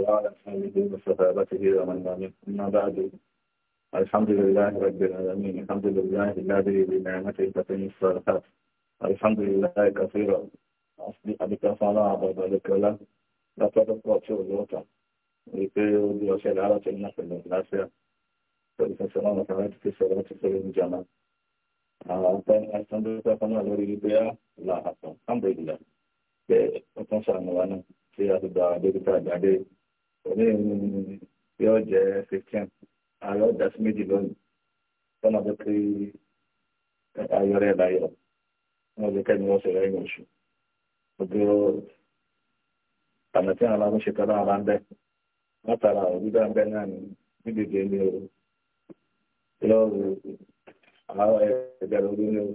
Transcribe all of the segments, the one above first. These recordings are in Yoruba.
وعلى أصحابه وصحابته ومن والاه أما بعد الحمد لله رب العالمين الحمد لله الذي بنعمته تتم الصالحات الحمد لله كثيرا أصدق بك صلاة وبارك له لقد قلت الوطن ويقول وسائل على الناس العافية فالسلام عليكم في صلاة الجماعة àtàndínlẹ́ta kan náà lórí ibẹ̀ láàpọ̀ alhamdulillah pé ó tún ṣàmùwá náà tí a ti gba dókítà jáde òní yóò jẹ́ fifteen àlọ́ dasí méjì lónìí tọ́nà tó kí ayọ̀rẹ́ láyọ̀ wọ́n lè kẹ́ni wọ́n sọ̀rọ̀ ẹ̀yìn oṣù gbogbo ọ̀nà tí àwọn aláwọ̀ ṣe tọ́lá ara ń bẹ́ látara òbídà ń bẹ́ náà ní nídìdì ní o lọ́ọ̀rù àwọn ẹgbẹ̀rún orí ní o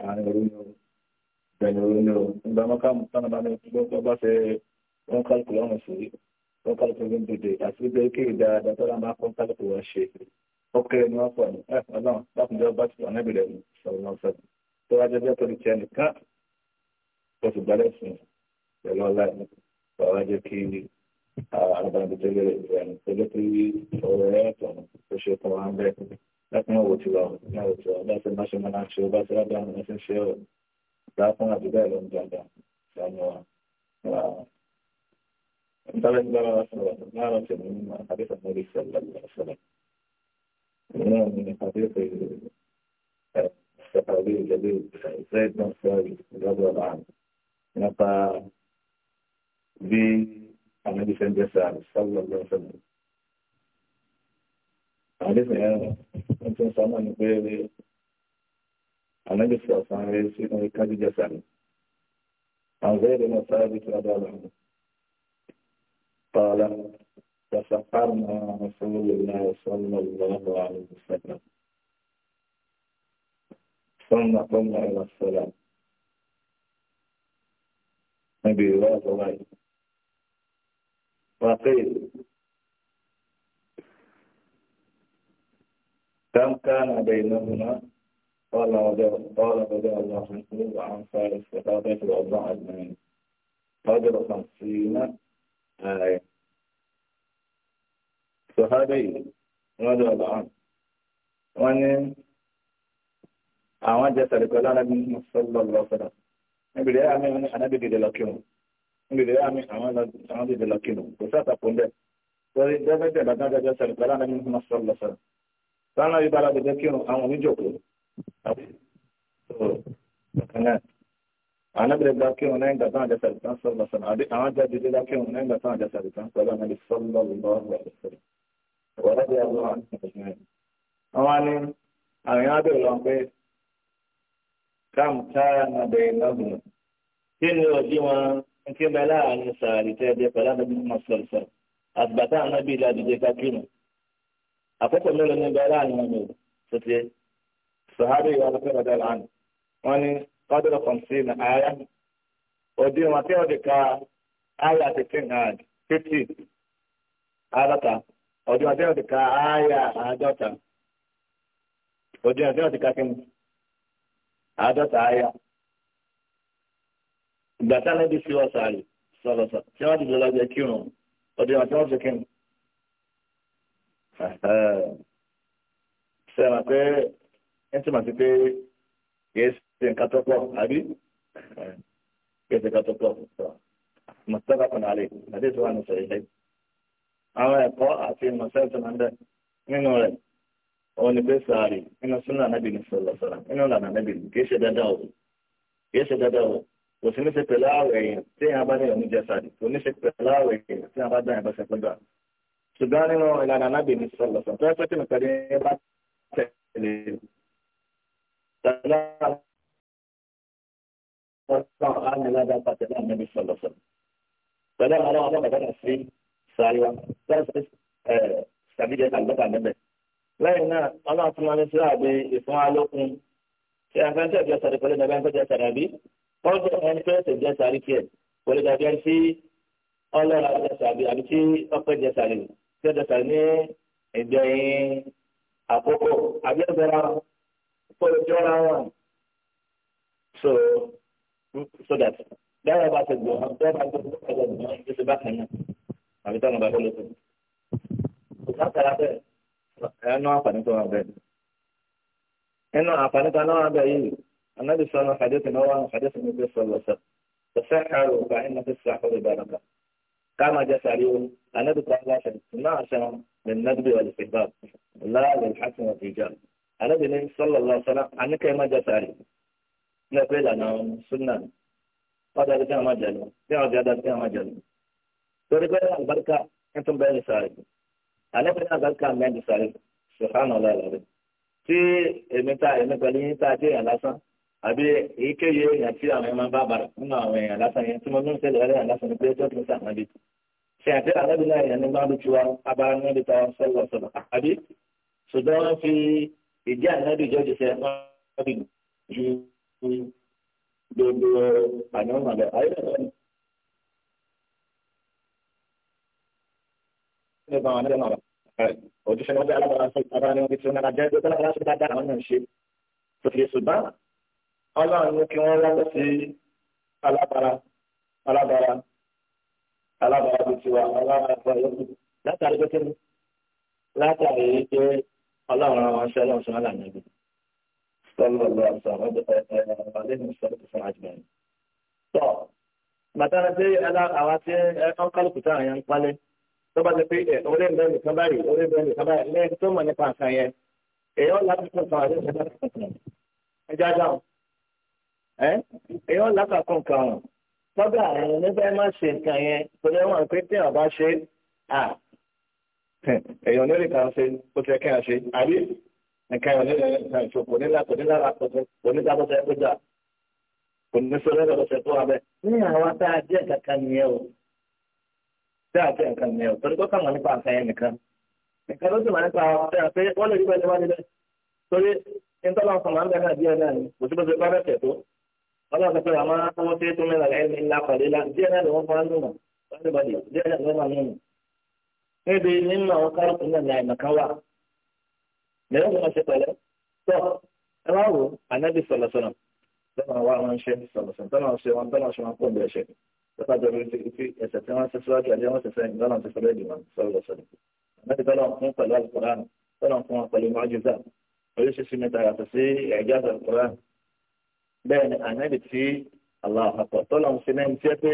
àárín orí ní o wọn kálukú ní dòdò àti gbígbé kéwì dáadáa tó dáa máa fọ kálukú wọn ṣe ọkẹ ni wọn pọ ní ẹ Ọlọ́run lákùnjọ bá ti wà níbi rẹ mu sọ̀rọ̀ náà sọ̀rọ̀ tó wájú bẹ́ẹ̀ torí tiẹ̀ nìkan tó sì gbálẹ̀ sùn pẹ̀lú ọlá ẹni wàá wájú kí alábàánu tó lérè ìwé ẹni tó lé pé ọ̀rọ̀ ẹ tọ tó ṣe kọ wọn bẹ́ẹ̀ láti náà wò ti wà náà wò ti wà bá ṣe má ṣe Entonces, la señora se me a la cabeza, no dice la persona. No, en el partido se se perdió, ya vi, se no fue, ya lo van. No para vi a mí dicen de esa, solo lo hacen. A veces me da, entonces, a mí me puede, a mí قال تفكر رسول الله صلى الله عليه وسلم ثم قمنا إلى الصلاة نبي الله عليه فقيل كم كان بينهما قال قال رضي الله عنه وعن سائر الصحابة والله أجمعين قدر خمسين haya sahabai radiyallahu anhu wọ́n ní àwọn jẹ́ sàrìkọ́ lánàbí sallallahu sọ́dọ̀ níbi rẹ̀ àmì wọn ní ànábì dìde lọ́kìrùn níbi rẹ̀ àmì àwọn dìde lọ́kìrùn kò sáà tàpọ̀ ńbẹ́ torí dẹ́gbẹ́dẹ́ bàtà jẹ́ sàrìkọ́ lánàbí sallallahu sọ́dọ̀ lánàbí bá lọ́dọ̀ kírun àwọn oníjòkó àbí tó kànáà anábìrẹ́gbà kí wọn lẹ́yìn gbàtàn àjẹsà ìtàn sọ́lọ́ sọ́lọ́ àbí àwọn jáde dídá kí wọn lẹ́yìn gbàtàn àjẹsà ìtàn sọ́lọ́ àbí sọ́lọ́ lọ́wọ́ ìwọ́dàbí àwọn àwọn ni àwọn yàrá bẹ̀rẹ̀ lọ pé káàmù táyà náà bẹ̀rẹ̀ lọ́gùn kí ni òjì wọn ń kí bẹ láàrin sàárì tẹ́ ẹ̀dẹ́ pẹ̀lú àbẹ̀bí mọ́ sọ̀rọ̀ sọ̀rọ̀ àgbàtà ànábì ìlàdìde kákínù àkókò mélòó ni bẹ láàrin wọn ni ò tó ti sọ̀hárì ìwà kadra hamsini aya odi mateo dika aya fifteen hadi fifty adata odi mateo dika aya àádọ́ta odi mateo dika kini àádọ́ta aya ìgbà tí alẹ́ bí fi wọ́n sáré sọ̀rọ̀sọ̀ tí wọ́n dìde lọ́jọ́ kírun odi mateo dika kini sẹ́wọ̀n pé ẹ̀ ń túmọ̀ sí pé yẹ́sì ṣe nǹkan tó pọ̀ àbí ṣe nǹkan tó pọ̀ mọ̀tẹ́fà kan àlè àti ìtura ní sọ̀rọ̀ ilé. àwọn ẹ̀kọ́ àti mọ̀tẹ́fà tó ni ń bẹ̀ nínú rẹ̀ ni pé sàárì nínú súnà anábì ní sọ̀rọ̀ sọ̀rọ̀ nínú ìlànà anábì kì í ṣe dáadáa o kì í ṣe dáadáa o kò sí ní ṣe pẹ̀lú àwẹ̀ dah? tí èèyàn bá ní ìrònú jẹ sàárì kò ní ṣe pẹ̀lú àwẹ̀ èèyàn tí èèyàn bá dá ìbọn sọ́kàn á ní ládàá pàtẹ náà níbi sọ̀lọ̀sọ̀. pẹ̀lú àwọn ọmọ bàbá náà sí sáré wa láti ẹ̀ sàbíjẹ àgbàkà níbẹ̀. lẹ́yìn náà ọlọ́run fún wa ní sílá àbí ìfún alókun ṣé afẹ́ńtẹ́ ìjọ sàrí pẹ̀lú ìdàgbà ẹ̀ńtẹ́ ìjọ sàrí àbí ọjọ́ ẹ̀ńtẹ́ ìjọ sàrí kí ẹ̀ pẹ̀lú ìdàgbà ẹ̀ sí ọlọ́run so so that dáwọ́ bá ṣe gbọ́ dáwọ́ bá gbọ́ dáwọ́ bá gbọ́ ṣe ṣe bákan náà àbí táwọn bá fẹ́ lọ́sọ̀ kò sáfara bẹ́ẹ̀ ẹnu àǹfààní tó wà bẹ́ẹ̀ ẹnu àǹfààní tó wà bẹ́ẹ̀ yìí anábì sọ̀rọ̀ àdéhùn náà wà àdéhùn mi bẹ́ẹ̀ sọ̀rọ̀ lọ́sọ̀ kò fẹ́ kárò bá ẹnu tó ṣe àkọlù ìbàdàn كما جاء سعيون النبي صلى الله عليه وسلم عشان للندب والاستحباب لا للحسن والرجال النبي صلى الله عليه وسلم ní ẹgbẹ́ ìlànà súnà wọ́n dájú kí wọ́n máa jẹ lọ kí wọ́n ti dájú kí wọ́n máa jẹ lọ. torí pé àlùbáríkà ń tún bẹ́ẹ̀ ní sáré alẹ́ pé àlùbáríkà ń bẹ́ẹ̀ ní sáré sùhánà ọ̀làlá rẹ̀ tí èmi ta èmi pẹ̀lú yín tá a jẹ́ èèyàn lásán àbí èyíkéyìí èèyàn tí àwọn èèyàn bá bàrà nínú àwọn èèyàn lásán yẹn tí mo ní ìṣẹ̀lẹ̀ ẹlẹ́yàn lásán ni pé tó ti ń sàn àbí. ṣe àti alábìlẹ̀ èèyàn ní máa ń tiwa abára ní pasti dua-dua panjang ada air kan? Ini bang ada mana? Eh, Ojo oh, saya ada ada bahasa Arab yang disuruh raja itu kalau bahasa kita ada mana sih? Seperti sudah Allah mungkin orang si ala para ala para ala para bicara ala para itu. Nah cari betul. Nah cari itu Allah orang orang saya orang sana lagi. صلى الله عليه وسلم أجمعين طب مثلا زي أنا أواتي أنقل كتاع يعني قلي طبعا في أولين بين كباري أولين بين كباري ليه ثم نفع سايا إيه ولا تكون صارين إجازة ẹ èèyàn lákàtún karùn-ún tọ́gbà ẹ̀yìn níbẹ̀ má ṣe nǹkan yẹn torí wọn pé tí wọn bá ṣe à èèyàn nílùú kan ṣe ó ti ẹ kí wọn ṣe àbí nǹkan ìrọ̀lẹ́ lẹ́yìn nǹkan ìṣó kò ní lápò ní lára pẹ̀sẹ̀ kò ní sábọ̀ sẹ́ gbéjà kò ní sọ lẹ́rọ̀ lọ́sẹ̀ tó wà bẹ́ẹ̀. ní àwọn tá a jẹ́ kankan nìyẹn o tá a jẹ́ kankan nìyẹn o torí kọ́kàn mọ̀ nípa àkàyẹ nìkan nǹkan ló sì mọ̀ nípa ọ̀rẹ́ àti wọ́n lè rí bẹ́ẹ̀ níwájú bẹ́ẹ̀ torí nítorí àwọn sọ̀rọ̀ àǹdà náà díẹ̀ náà ni kò sí bó ṣe bá bẹ́ẹ̀ tó ọlọ́run sọ pé àmọ́ wọ́n ti tún mẹ́ta ẹni ńlá pàdé lá díẹ̀ náà ni wọ́n fọ́n nù mọ̀ wọ́n ti bọ̀dì díẹ̀ náà ni wọ́n máa nù mọ̀ níbi nínú àwọn kárọ̀tì náà ni àìmọ̀kan wà lẹ́yìn tó máa ṣe pẹ̀lẹ́ tọ́ ẹ wá wò ànábì sọ̀lọ̀sọ̀nà tọ́nà wá wọn ṣe sọ̀lọ̀sọ̀nà tọ́nà ṣe wọn tọ́nà ṣe wọn pọ̀ bí ẹ̀ṣẹ̀ tọ́ta jọba fi ẹsẹ̀ tí wọ́n ṣe síwájú àti wọ́n ṣe sẹ́yìn tọ́nà ti fẹ́rẹ́ dìmọ̀ sọ̀lọ̀sọ̀nà ànábì tọ́nà fún pẹ̀lú alukọ̀rán tọ́nà fún wọn pẹ̀lú mọ́júzà oríṣiríṣi mẹ́ta yàtọ̀ sí ẹ̀já alukọ̀rán bẹ́ẹ̀ ni ànábì tí aláàpọ̀ tọ́nà ń sinẹ́ ní pé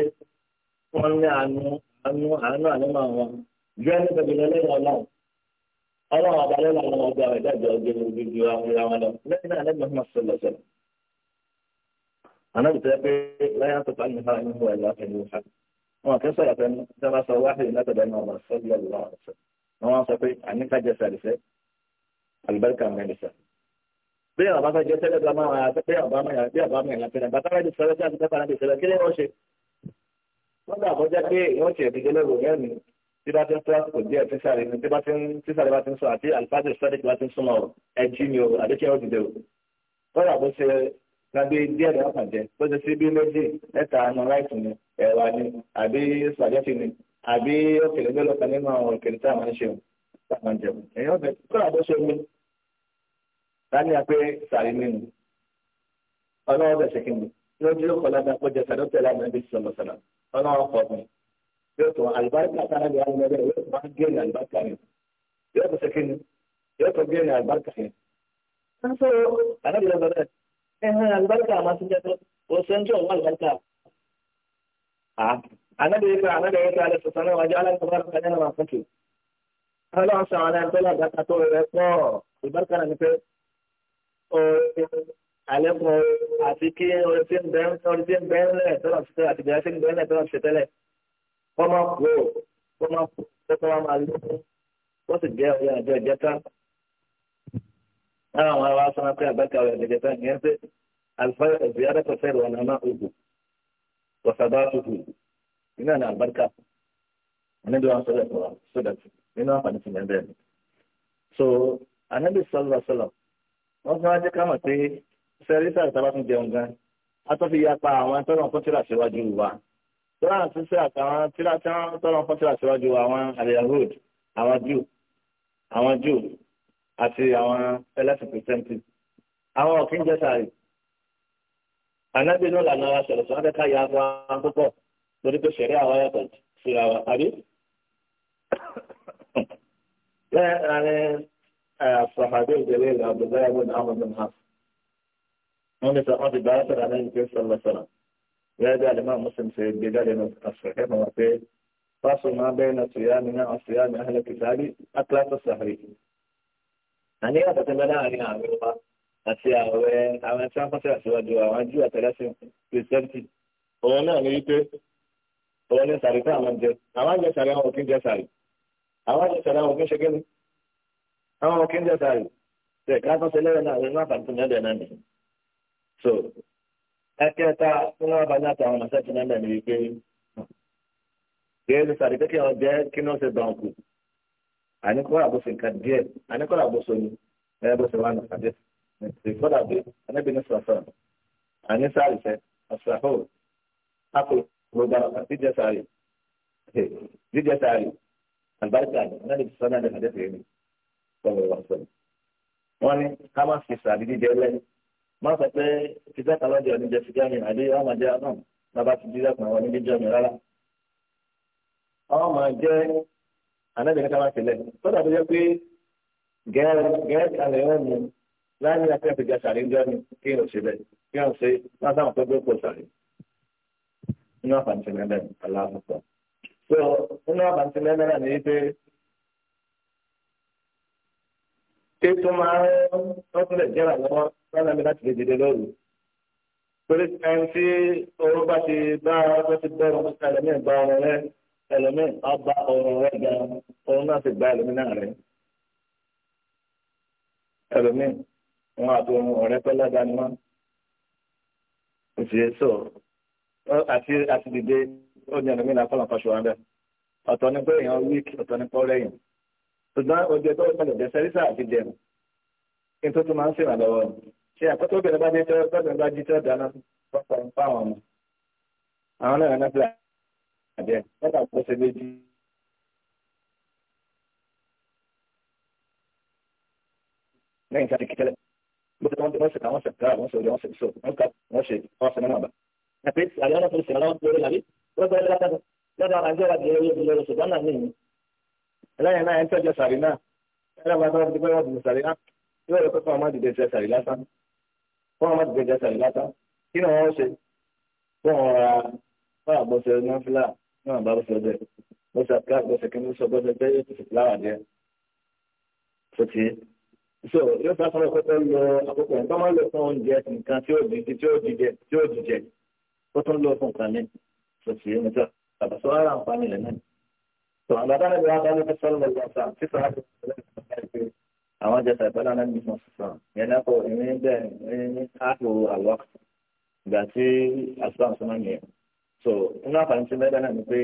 wọ́n ní àánú àánú àánú ànímọ̀ wọn yọ ẹni pẹ̀lú ẹlẹ́yìn ọlọ́run ọlọ́run àbálẹ́ làwọn ọgbà rẹ̀ dájọ́ ọgbẹ́ ojú ju ara wọn lọ lẹ́yìn náà lẹ́gbẹ̀ẹ́ fún ọ̀sẹ̀ lọ́sẹ̀ lọ. àná bìtẹ́ pé láyà tó pa nípa ẹni wọ ẹ̀lọ́ ẹni wọ sáà wọn kẹ́ sọ̀rọ̀ pẹ̀lú tí wọ́n sọ wáhìn látọ̀dọ̀ ní ọmọ sọ́bí ọ̀lọ́ ọ̀sẹ̀ wọn sọ pé àníkà jẹ sàrìsẹ́ àlùbáríkà mẹ́rìsà. bí àwọn bá jẹ tẹ́lẹ̀ bá máa bí àwọn bá máa bí àwọn bá máa yàtọ̀ bàtà rẹ̀ sọ̀rọ̀ tí a ti tẹ́ tí bá ti ń tó àsìkò díẹ̀ tísàrí ni tí bá ti ń tísàrí bá ti ń sọ àti alifájì sẹ́díkì bá ti ń súnmọ́ ẹjí ni o àdékẹ́ ó dìde o tọ́lá bó ṣe gbàgbé díẹ̀ lọ́wọ́ kàn jẹ́ bó ṣe sí bí méjì mẹ́ta ọ̀nà láìsùn ni ẹ̀wà ni àbí spaghetti ni àbí òkèlè mélòó kan nínú àwọn òkèlè tá a máa ń ṣe tá a máa ń jẹun èèyàn bẹ tọ́lá bó ṣe mú láníyà pé sàrí nínú ọlọ́wọ́ bẹ̀ ṣe kí ni lójú ó kọ́ lágbá pé jẹ sàdọ́tẹ̀ láàmú ẹbí yóò tó àlùbáríkà sára ní àwọn ẹgbẹ́ yóò tó máa gẹ́ẹ̀nì àlùbáríkà yẹn yóò tó ṣèkí ni yóò tó gẹ́ẹ̀nì àlùbáríkà yẹn. sáńsọ àdábìlẹ̀ bẹ̀rẹ̀ ẹ̀hìn àlùbáríkà máa ti jẹ́ tó o ṣe ń jọ òun àlùbáríkà. ànábìlẹ̀ kan ànábìlẹ̀ kan alẹ́ sọ̀tàn náà wájú aláǹtọ̀báríkà náà máa fún kì í. ọlọ́run sọ àwọn ẹgbẹ́ làgbàkà tó rẹ̀ pọ̀ àlùbáríkà náà ni pé àlẹ́kùn àti kí orin tí ń bẹ́ẹ̀ tọ́lá ti tẹ́lẹ̀ àti bẹ́ẹ̀ tí ń bẹ́ẹ̀ tọ́lá ti ṣe tẹ́lẹ̀ wọ́n máa kú ọ̀ wọ́n máa kú tọ́tọ́ wọn máa lé fún wọ́n sì jẹ́ ọ̀rẹ́ àjọ ìjẹta náà àwọn ará sọ wọn pé àbẹ́kà ọ̀rẹ́ ìjẹta yẹn pé àlùfáà ẹ̀sìn adẹ́kọ̀ọ́sẹ́ ìlú ọ̀nà náà ògùn wọ̀sàbá tuntun iná ní àbẹ́kà níbi wọn sọ̀rọ̀ ẹ̀kọ́ sódà nínú àǹfààní ni. so ànábì sọlọ sọlọ wọn fún wa jẹ ká mọ̀ pé sẹrísà ìtàbá tún jẹun gan atọ́ fi yapa àwọn ẹ̀tọ́ náà fún tíra síwájú wa tíra àtúnṣe àtàwọn tíra tí wọn tọrọ fún tíra síwájú àwọn aliyahud àwọn jù àwọn jù àti àwọn ẹlẹ́sìn kìrìsìtẹ́ǹtì àwọn ọ̀kìn jẹ́ sàárì anábìínú lànà wa sọ̀rọ̀ sọ́dọ̀ ká yà wá púpọ̀ lórí pé ṣẹ̀rí àwọn yàtọ̀ síra wa àbí. láàrin àfàhàdé ìdílé ìlú abdullahi abu nahmed bin haf wọn ní sọ wọn ti bá a sọ̀rọ̀ àná ìgbésẹ̀ lọ́sọ̀rọ̀ gẹ́gẹ́ àdìmọ́ muslim ṣe gbé jáde ní àṣìṣẹ́ fún wa pé fásitì máa bẹ́ẹ̀ na sùyàmì náà sùyàmì ahẹ́lẹ́ kìtàbí akíláṣọ sàárì. àní àtàtà bẹ́ẹ̀ láàrin ààrẹ wa àti ààrẹ àwọn tí wọ́n fọ́sẹ̀ àṣewájú àwọn jù àtẹlẹ́sìn kìrìsẹ́ńtì òun náà ní wípé òun ní sàrí fún àwọn jẹ àwọn jẹ sàrí àwọn òkín jẹ sàrí àwọn jẹ sàrí àwọn òkín ṣe kéde ẹ̀kẹta tí wọ́n bá yàtọ̀ àwọn ọ̀sẹ̀ tìǹbà náà ní wípé gẹ́gẹ́ sàrí pé kí wọ́n jẹ́ kí wọ́n ṣe dọ̀nkù àníkọ́ra bó ṣe nǹkan díẹ̀ àníkọ́ra bó ṣe ní ẹ̀ bó ṣe wà nù kàdé ìfọ́dà bí anábìíní sọ̀sọ̀ àní sáré sẹ́ ọ̀sàfò àpò gbogbo àwọn jíjẹ sáré jíjẹ sáré àlùbáríkà anábìíní sọ̀nà ní kàdé fèrè ní sọ̀rọ̀ wà sọ̀rọ̀ wọ́n ní ká má fi sàrí jíjẹ lẹ́yìn má sọ pé fìdá kan lọ́dẹ̀ ọ̀nìjẹ fìdá mi àbí wọ́n máa jẹ́ ọ̀nà bàbá ti dídá kan wọn níbi jọ mi rárá. wọ́n máa jẹ́ anábìrin ká máa tẹ̀lé tọ́jà tó jẹ́ pé gẹ́ẹ́ kalẹ̀ wọn mu láàrin akẹ́kọ̀ọ́ ìjà sàrí jọ mi kí n ò ṣe bẹ́ẹ̀ kí n ò ṣe má sáwọn tó gbókò sàrí. inú àfàǹtì mẹ́lẹ̀ aláàbùkọ. so inú àfàǹtì mẹ́lẹ̀ náà ní pé ètò máa ń tọ́sílẹ̀ jẹ́ra lọ́nà mi láti lè dìde lọ́rùú. torí ẹni tí owó bá ti bá ọjọ́ ti bọ́ ọmọ ẹlẹ́mìí gba ọ̀rọ̀ rẹ ẹlẹ́mìí ọba ọ̀rọ̀ rẹ gba ọ̀rọ̀ náà ti gba ẹlẹ́mìí náà rẹ. ẹlẹ́mìí wọn àti ohun ọ̀rẹ́ pẹ́ lọ́dà ni wọ́n. òṣìṣẹ́ sọ àti àti dìde ó ní ẹlẹ́mìí náà fọlọ́n fọṣọ wọn bẹ́ẹ̀. ọ̀tọ̀ ni pé èèyàn wíìkì ọ̀tọ̀ ni pọ́ọ́rẹ́ yìí. ṣùgbọ́n ojú ẹgbẹ́ ṣe àkọ́tọ́ bẹ̀rẹ̀ bá dé tọ́ tọ́gbẹ̀rẹ̀ bá jí tọ́ dáná pọ́pọ́ ń pa àwọn ọmọ àwọn náà náà fìlà àbẹ̀ lọ́dà kó ṣe méjì. lẹ́yìn tí a ti kí tẹ́lẹ̀ bó ti wọ́n ti wọ́n ṣe àwọn ṣe kára wọ́n ṣe òde wọ́n ṣe ṣe wọ́n ká wọ́n ṣe wọ́n ṣe mẹ́wàá bá. àti àyọ̀ náà tó ṣe àwọn lórí làbí wọ́n gbọ́ ẹlẹ́dàá lọ́dà àjọba di ẹyẹ ìlú lọ́dọ̀ ṣùgbọ́n náà nìyí. lẹ́yìn náà ẹ̀ ń tọ́jú sàrí náà ẹ̀rọ wọn má gbẹjà sàlẹ látà kí ni wọn ṣe wọn ra wọn àbọsẹ náfìlà wọn àbábọsẹ ọdẹ bọsẹ àká bọsẹ kí ni sọ bọsẹ bẹ yóò tètè fúláwà díẹ̀ tó ti so yóò fà fún ọkọọkọ lọ àkókò nǹkan máa lọ fún oúnjẹ nǹkan tí ó dìde tí ó dìde tí ó dìde ó tún lọ fún nǹkan ní tó ti níta àbàṣọ ara nǹkan nílẹ̀ náà tó àwọn jẹta ìpẹ́lá náà nìkan sàn yẹn náà kọ ìwé bẹ́ẹ̀ ní káàkó àlọ́ ìgbà tí asúlám sọ náà nìyẹn so nínú àǹfààní tí bẹ́ẹ̀ náà ni pé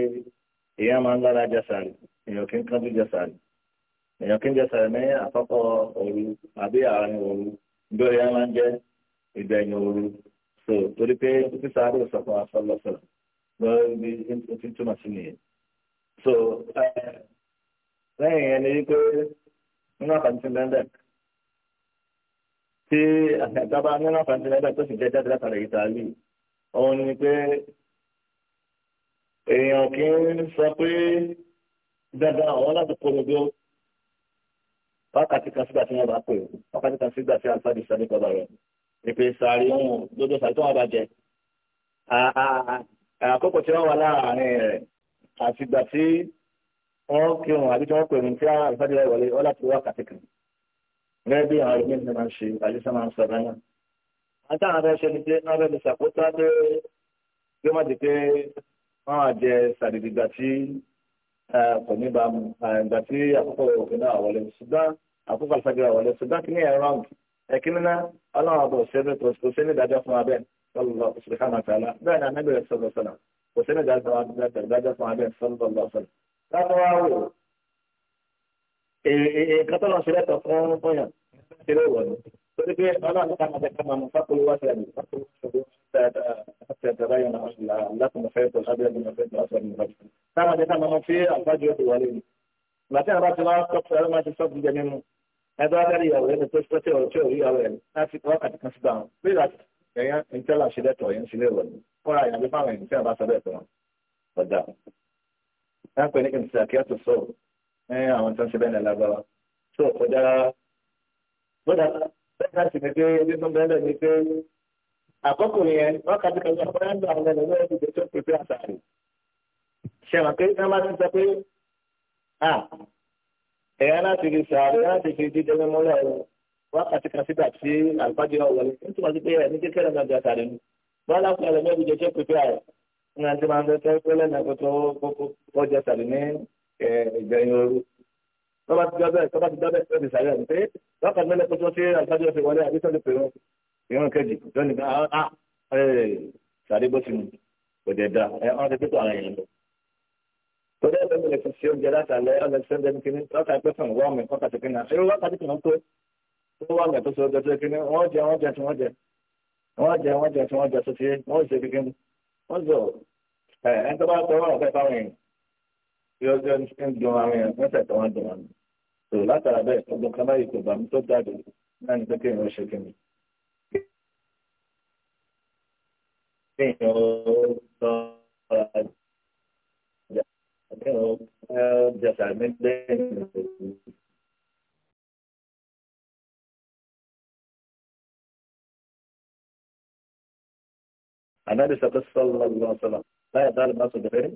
èèyàn máa ń lára jẹsàrì èèyàn kí ń kánjú jẹsàrì èèyàn kí ń jẹsàrì ní àkọ́kọ́ òru àbí àárín òru ìgbẹ́ èèyàn máa ń jẹ ìgbẹ̀yìn òru so torí pé títí sáré òsàkùn asọ́lọ́sọ̀rọ̀ lọ́wọ́ ibi tí túmọ̀ sí nìyẹn so lẹ́yìn yẹn ni pé nínú àǹfààní tí ń bẹ́ẹ̀ bẹ́ẹ̀ tí àtàgbà nínú àǹfààní tí ń tó sì jẹ́ jáde látara ìtàlí òun ni pé èèyàn kì í sọ pé dandan àwọn láti polongo wákàtí kan sígbà tí wọ́n bá pè ó wákàtí kan sígbà tí àǹfààní sọ nípa bàrẹ̀ ìpè sàárì ọ̀hún lójó sàárì tó wọ́n bá jẹ àkókò tí wọ́n wà láàárín rẹ̀ àtìgbà tí wọ́n kí wọn àbí tí wọ́n pè mí tí àlùfáàdìlá ìwọlé ọlá ti wá kàtìkà gẹ́gẹ́ bí àwọn ẹgbẹ́ mi máa ń ṣe àlùsá máa ń sọ náà. àti àwọn abẹ́ ṣe ni pé náà bẹ́ẹ̀ ni ṣàkóso pé bí wọ́n ti pé wọ́n á jẹ sàdìdì ìgbà tí kò ní bá mu ìgbà tí àkókò òkèdè àwọlé ṣùgbọ́n àkókò àlùfáàdìlá àwọlé ṣùgbọ́n kí ni ẹ̀rọ ọ̀hún ẹ̀kínná ọlọ́run àbọ̀ ṣẹ́ni kò sẹ́ni ìdájọ́ fún abẹ́ sọ́lọ́lọ́ lábọ́wá wò nǹkan tó lọ ṣe lẹ́tọ̀ fún fúnyàn ṣe lè wọ̀ ni torí pé ọlọ́run ká máa tẹ̀ka máa mú fákòló wá sí àbí fákòló ṣòro dáadáa láti ẹ̀dá báyọ̀ náà láti mọ̀ fẹ́ tọ̀ lábẹ́ ẹ̀dá fẹ́ tọ̀ láti ẹ̀dá fẹ́ tọ̀ táwọn ẹ̀dá máa fi àgbájú ọ̀dọ̀ wọlé ni màtí àwọn àti wọn sọ pé ọlọ́run máa ti sọ fún jẹ mímú ẹ̀dá adarí ìyàwó ẹni tó ṣọ́ tí ọ̀rọ̀ tí òrí ìyàwó ẹni láti wákàtí kan sí báwọn bí láti ẹ̀yán ìtẹ́lá ṣe lẹ́tọ̀ yẹn ṣe lè wọ̀ ni kọ́ra ìyàwó fáwọn ẹ̀yìn tí a bá sọ bẹ́ẹ̀ tọ̀ ọ̀dà náà pè ní kí n ti àkíyàtò sọ ẹ àwọn tó ń ṣe bẹ́ẹ̀ ní alágbára tó kò dára bẹ́ẹ̀ náà sì ni pé bí tó ń bẹ́ẹ̀ ní pé àkókò yẹn wákàtí kan yẹn fọyín gba àwọn ẹlẹ́wọ̀n ẹ̀dùn tó pè pé àṣàrì ṣe wọn pé ẹ máa ń sọ pé à ẹ̀yà láti fi sàárẹ̀ láti fi dídé mímúlẹ̀ wákàtí kan sígbà tí àlùfáàjì náà wọlé nítorí pé ẹ̀ ní kékeré náà di àṣàrì ni wọ́n á láti ní àti máa ń fẹ́ fẹ́ pẹ́ lẹ́nu àkótó kọjá tàbí ní ìgbẹ̀yìn ooru tọ́ba ti dábẹ́ tọ́ba ti dábẹ́ tọ́ba ti sàyẹ̀ ní pé lọ́kàn mẹ́lẹ̀ kó tó ṣe àlùfáàjì ọ̀sẹ̀ wọlé àbísọ̀ lè pèrò ìrún kejì lónìí bá a sàdé bó ti mú kò dé da ẹ ọ́n ti pé tó àwọn èèyàn lọ. torí ẹgbẹ́ mi lè fi ṣe oúnjẹ láti alẹ́ ọ̀lẹ́ ṣe ń dẹnu kínní lọ́kàn ẹgbẹ́ fún ìwọ́ mi kọ́kà ti kínní irú wákàtí kan tó tó wà mẹ́ tó ṣe oúnjẹ tó kínní wọ́n jẹ wọ́n jẹ tí wọ́n jẹ wọ́n jẹ wọ́n jẹ tí wọ́n jẹ tó ṣe wọ́n ṣe kíkínní wọ́n zọ̀ ẹ ẹ tó bá tọrọ ọ̀fẹ́ fáwọn èèyàn yóò jẹ́ ń dun àwọn èèyàn mẹ́tẹ̀ tó wọ́n dun wọn. tó látara bẹ́ẹ̀ ọdún kan báyìí kò bá mi tó jáde náà ní pé kí ṣe kí النبي صلى الله عليه وسلم لا يزال الباس بغيره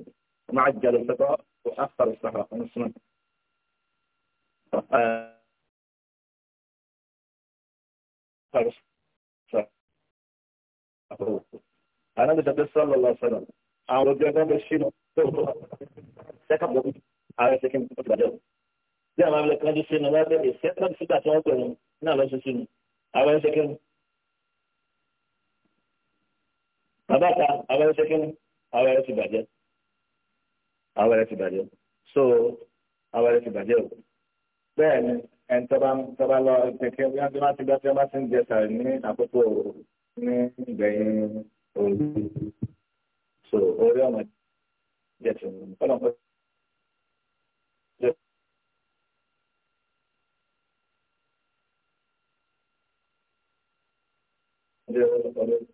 ومع عجل الفطرة وأخر السحرة من السنن أنا آه. بجد صلى الله عليه وسلم أنا جدا أنا سكب لبي أنا سكين بجد أنا ما بلك أنا سينو لا أنا سكب سكب أنا سكب نعم أنا أولا سكين أنا أولا سكين ara rẹ̀ ti bàjẹ́ ara rẹ̀ ti bàjẹ́ so ara rẹ̀ ti bàjẹ́ o bẹ́ẹ̀ ni ẹni tọ́ba tọ́ba lọ kẹ̀kẹ́ bí wọ́n ti bá ti wọ́n ti ń jẹ sàrẹ̀ ní àkókò ní ìgbẹ̀yìn òru so orí ọmọ jẹ ti mú ọlọ́mọ jẹ.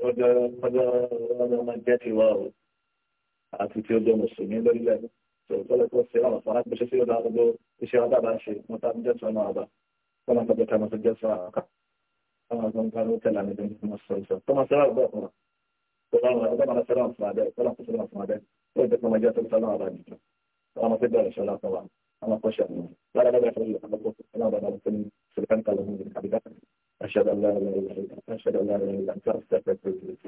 ọjọ́ ọjọ́ ọjọ́ ọmọ jẹ́ ti wá o àti tí ó jẹ́ mùsùlùmí lórílẹ̀ tọ́lọ́tọ́ sí àwọn àfọwọ́n àti bẹ́sẹ̀ sí ọ̀dọ̀ àgbọ̀dọ̀ iṣẹ́ ọ̀dàbà ṣe wọn tá jẹ́ sọ́nà ọ̀bà tọ́lọ́ tọ́jọ́ ká máa jẹ́ sọ́nà ọ̀ká tọ́lọ́ tó ń káró tẹ̀lé àmì ìdíjú mọ́ sọ ìṣọ́ tọ́mọ sẹ́rà ọ̀gbọ́ ọ̀kan tọ́lọ́ ọ̀gbọ́ máa sẹ́rà ọ̀fun adẹ́ tọ́lọ́ kó sẹ́rà ọ̀fun adẹ́ ó jẹ́ kọ́mọ jẹ́ sọ́nà ọ̀bà nìjọ tọ́lọ́ máa fi bẹ̀rẹ̀ ṣọlá fún wa àwọn kọ́ṣẹ́ mi lára lọ́gbà ìfọ̀lẹ́ ìfọ̀lọ́gbọ̀ tọ́lọ́ ọ̀bà náà fún sìlẹ̀kẹ́ńtà lọ́mú ìdí àbídá أشهد أن لا إله إلا أنت أشهد أن لا إله إلا أنت أستغفرك وأتوب إليك